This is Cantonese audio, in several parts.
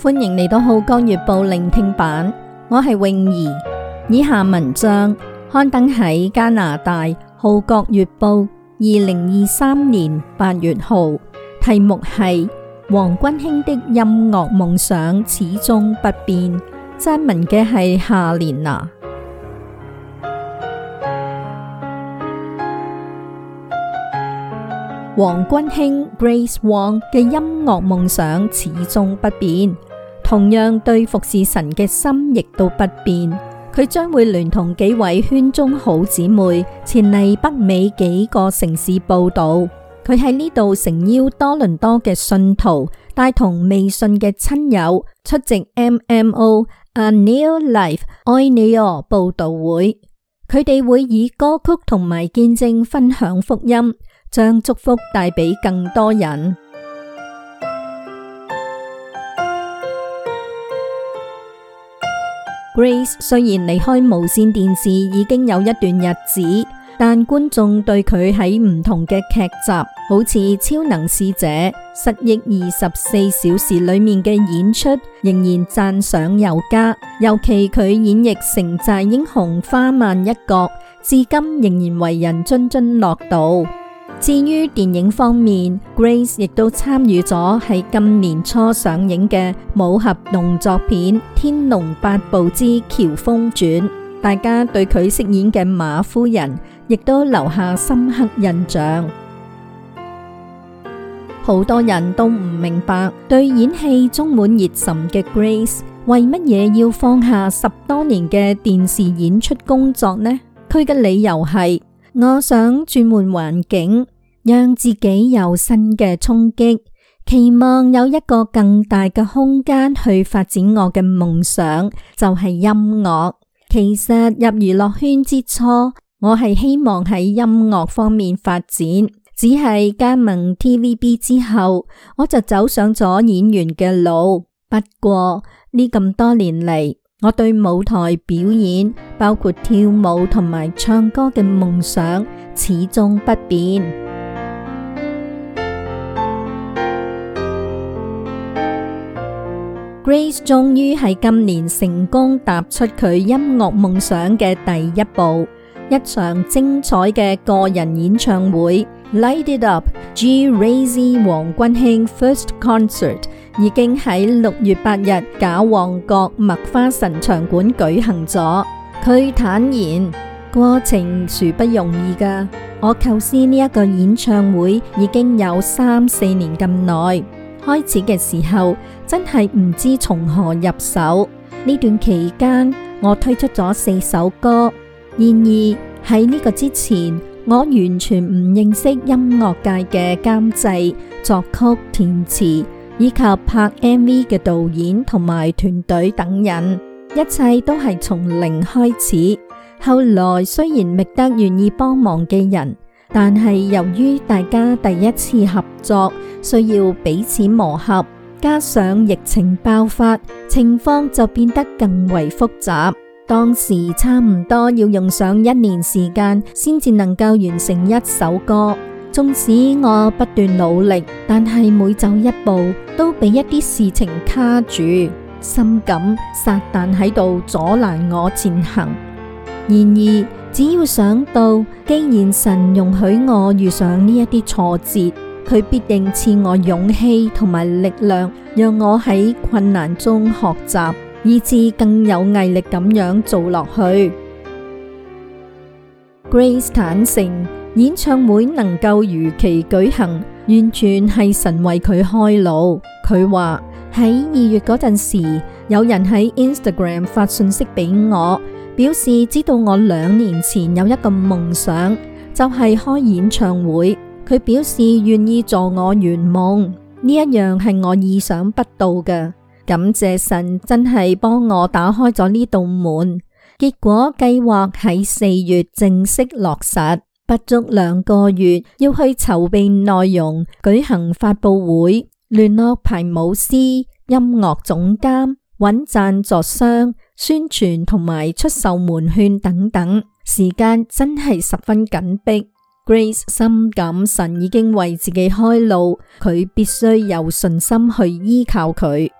歡迎嚟到《號角月報》聆聽版，我係泳兒。以下文章刊登喺加拿大《號角月報》二零二三年八月號，題目係王君馨的音樂夢想始終不變。撰文嘅係夏連娜。王君馨 Grace Wong 嘅音樂夢想始終不變。同樣對服侍神嘅心亦都不變，佢將會聯同幾位圈中好姊妹前嚟北美幾個城市佈道。佢喺呢度誠邀多倫多嘅信徒，帶同未信嘅親友出席 MMO AINEO LIVE 愛你喲佈道會。佢哋會以歌曲同埋見證分享福音，將祝福帶俾更多人。Grace 雖然離開無綫電視已經有一段日子，但觀眾對佢喺唔同嘅劇集，好似《超能使者》、《失憶二十四小時》裏面嘅演出，仍然讚賞有加。尤其佢演繹城寨英雄花曼一角，至今仍然為人津津樂道。至於電影方面，Grace 亦都參與咗喺今年初上映嘅武俠動作片《天龍八部之喬峰傳》，大家對佢飾演嘅馬夫人亦都留下深刻印象。好多人都唔明白，對演戲充滿熱忱嘅 Grace 為乜嘢要放下十多年嘅電視演出工作呢？佢嘅理由係：我想轉換環境，讓自己有新嘅衝擊，期望有一個更大嘅空間去發展我嘅夢想，就係音樂。其實入娛樂圈之初，我係希望喺音樂方面發展，只係加盟 TVB 之後，我就走上咗演員嘅路。不過呢，咁多年嚟，我對舞台表演，包括跳舞同埋唱歌嘅夢想始終不變。Grace 終於喺今年成功踏出佢音樂夢想嘅第一步，一場精彩嘅個人演唱會，Light It Up G Razy 王君馨 First Concert。已經喺六月八日，假旺角麥花臣場館舉行咗。佢坦言過程殊不容易噶。我構思呢一個演唱會已經有三四年咁耐，開始嘅時候真係唔知從何入手。呢段期間，我推出咗四首歌。然而喺呢個之前，我完全唔認識音樂界嘅監製、作曲填詞、填詞。以及拍 MV 嘅導演同埋團隊等人，一切都係從零開始。後來雖然覓得願意幫忙嘅人，但係由於大家第一次合作，需要彼此磨合，加上疫情爆發，情況就變得更為複雜。當時差唔多要用上一年時間，先至能夠完成一首歌。縱使我不斷努力，但係每走一步都俾一啲事情卡住，深感撒但喺度阻攔我前行。然而，只要想到既然神容許我遇上呢一啲挫折，佢必定賜我勇氣同埋力量，讓我喺困難中學習，以致更有毅力咁樣做落去。Grace，坦誠。演唱會能夠如期舉行，完全係神為佢開路。佢話喺二月嗰陣時，有人喺 Instagram 發信息俾我，表示知道我兩年前有一個夢想就係開演唱會。佢表示願意助我圓夢，呢一樣係我意想不到嘅。感謝神，真係幫我打開咗呢道門。結果計劃喺四月正式落實。不足兩個月，要去籌備內容、舉行發佈會、聯絡排舞師、音樂總監、揾贊助商、宣傳同埋出售門券等等，時間真係十分緊迫。Grace 深感神已經為自己開路，佢必須有信心去依靠佢。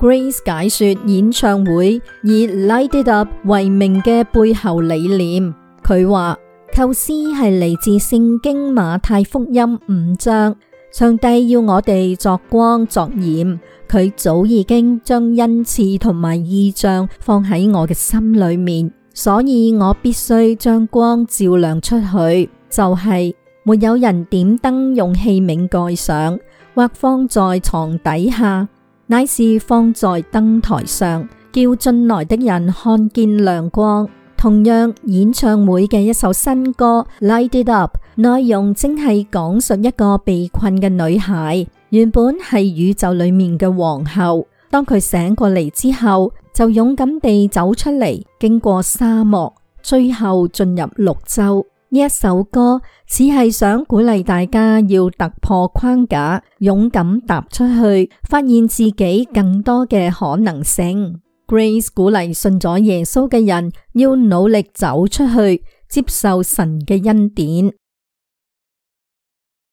Grace 解說演唱會以 Light It Up 為名嘅背後理念。佢話構思係嚟自聖經馬太福音五章，上帝要我哋作光作鹽，佢早已經將恩賜同埋異象放喺我嘅心裏面，所以我必須將光照亮出去。就係、是、沒有人點燈，用器皿蓋上，或放在床底下。乃是放在燈臺上，叫進來的人看見亮光。同樣演唱會嘅一首新歌《Light It Up》，內容正係講述一個被困嘅女孩，原本係宇宙裏面嘅皇后。當佢醒過嚟之後，就勇敢地走出嚟，經過沙漠，最後進入綠洲。呢一首歌，只係想鼓勵大家要突破框架，勇敢踏出去，發現自己更多嘅可能性。Grace 鼓勵信咗耶穌嘅人要努力走出去，接受神嘅恩典。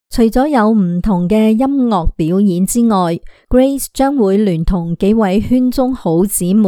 除咗有唔同嘅音樂表演之外，Grace 將會聯同幾位圈中好姊妹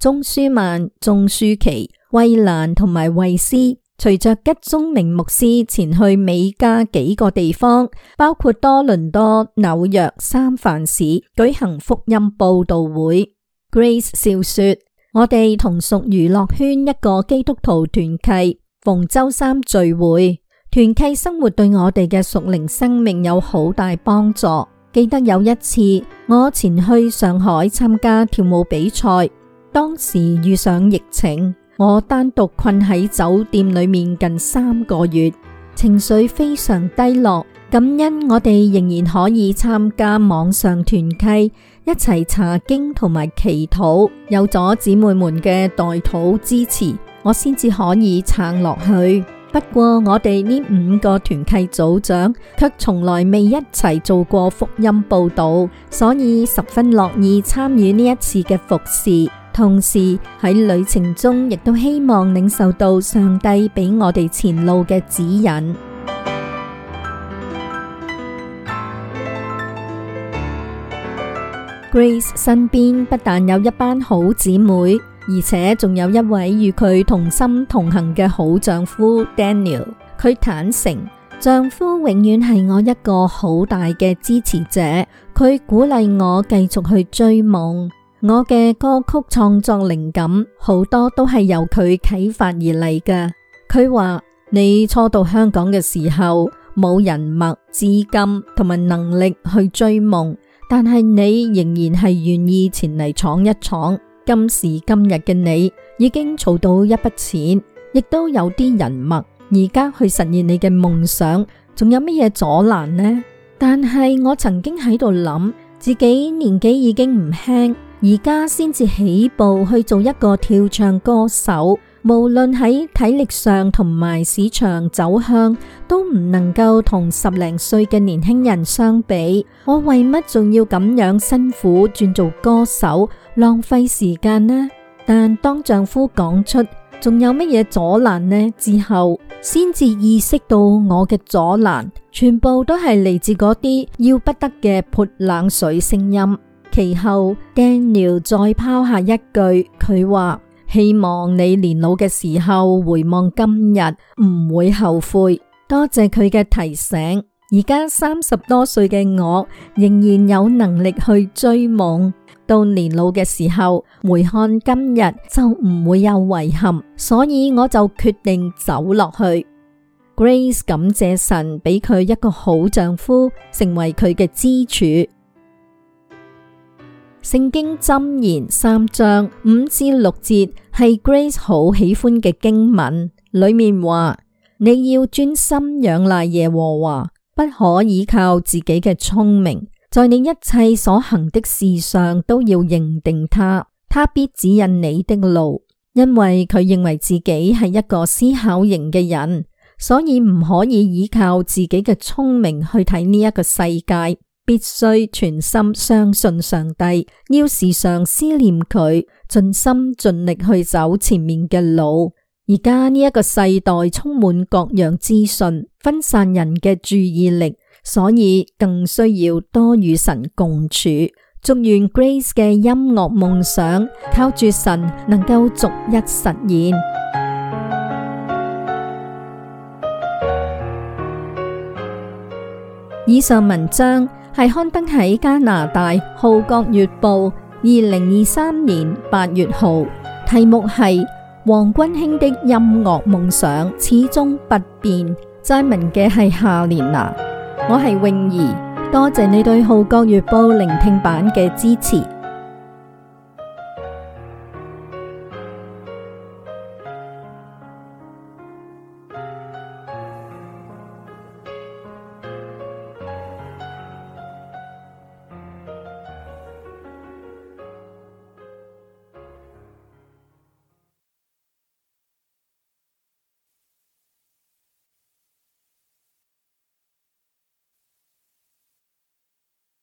鍾舒漫、鍾舒祺、衛蘭同埋衛詩。隨着吉中鳴牧師前去美加幾個地方，包括多倫多、紐約、三藩市舉行福音布道會。Grace 笑說：我哋同屬娛樂圈一個基督徒團契，逢周三聚會。團契生活對我哋嘅屬靈生命有好大幫助。記得有一次，我前去上海參加跳舞比賽，當時遇上疫情。我單獨困喺酒店裏面近三個月，情緒非常低落。感恩我哋仍然可以參加網上團契，一齊查經同埋祈禱。有咗姊妹們嘅代禱支持，我先至可以撐落去。不過我哋呢五個團契組長卻從來未一齊做過福音佈道，所以十分樂意參與呢一次嘅服侍。同時喺旅程中，亦都希望領受到上帝俾我哋前路嘅指引。Grace 身邊不但有一班好姊妹，而且仲有一位與佢同心同行嘅好丈夫 Daniel。佢坦承，丈夫永遠係我一個好大嘅支持者，佢鼓勵我繼續去追夢。我嘅歌曲創作靈感好多都係由佢啟發而嚟嘅。佢話，你初到香港嘅時候冇人脈、資金同埋能力去追夢，但係你仍然係願意前嚟闖一闖。今時今日嘅你已經儲到一筆錢，亦都有啲人脈，而家去實現你嘅夢想，仲有乜嘢阻攔呢？但係我曾經喺度諗，自己年紀已經唔輕。而家先至起步去做一個跳唱歌手，無論喺體力上同埋市場走向，都唔能夠同十零歲嘅年輕人相比。我為乜仲要咁樣辛苦轉做歌手，浪費時間呢？但當丈夫講出仲有乜嘢阻攔呢之後，先至意識到我嘅阻攔，全部都係嚟自嗰啲要不得嘅潑冷水聲音。其後，Daniel 再拋下一句，佢話：希望你年老嘅時候回望今日，唔會後悔。多謝佢嘅提醒。而家三十多歲嘅我，仍然有能力去追夢。到年老嘅時候，回看今日就唔會有遺憾。所以我就決定走落去。Grace 感謝神俾佢一個好丈夫，成為佢嘅支柱。聖經箴言三章五至六節係 Grace 好喜歡嘅經文，裏面話：你要專心仰賴耶和華，不可依靠自己嘅聰明，在你一切所行的事上都要認定他，他必指引你的路。因為佢認為自己係一個思考型嘅人，所以唔可以依靠自己嘅聰明去睇呢一個世界。必須全心相信上帝，要時常思念佢，盡心盡力去走前面嘅路。而家呢個世代充滿各樣資訊，分散人嘅注意力，所以更需要多與神共處。祝願 Grace 嘅音樂夢想靠住神能夠逐一實現。以上文章.係刊登喺加拿大《號角月報》二零二三年八月號，題目係王君馨的音樂夢想始終不變。齋文嘅係夏蓮娜，我係泳兒，多謝你對《號角月報》聆聽版嘅支持。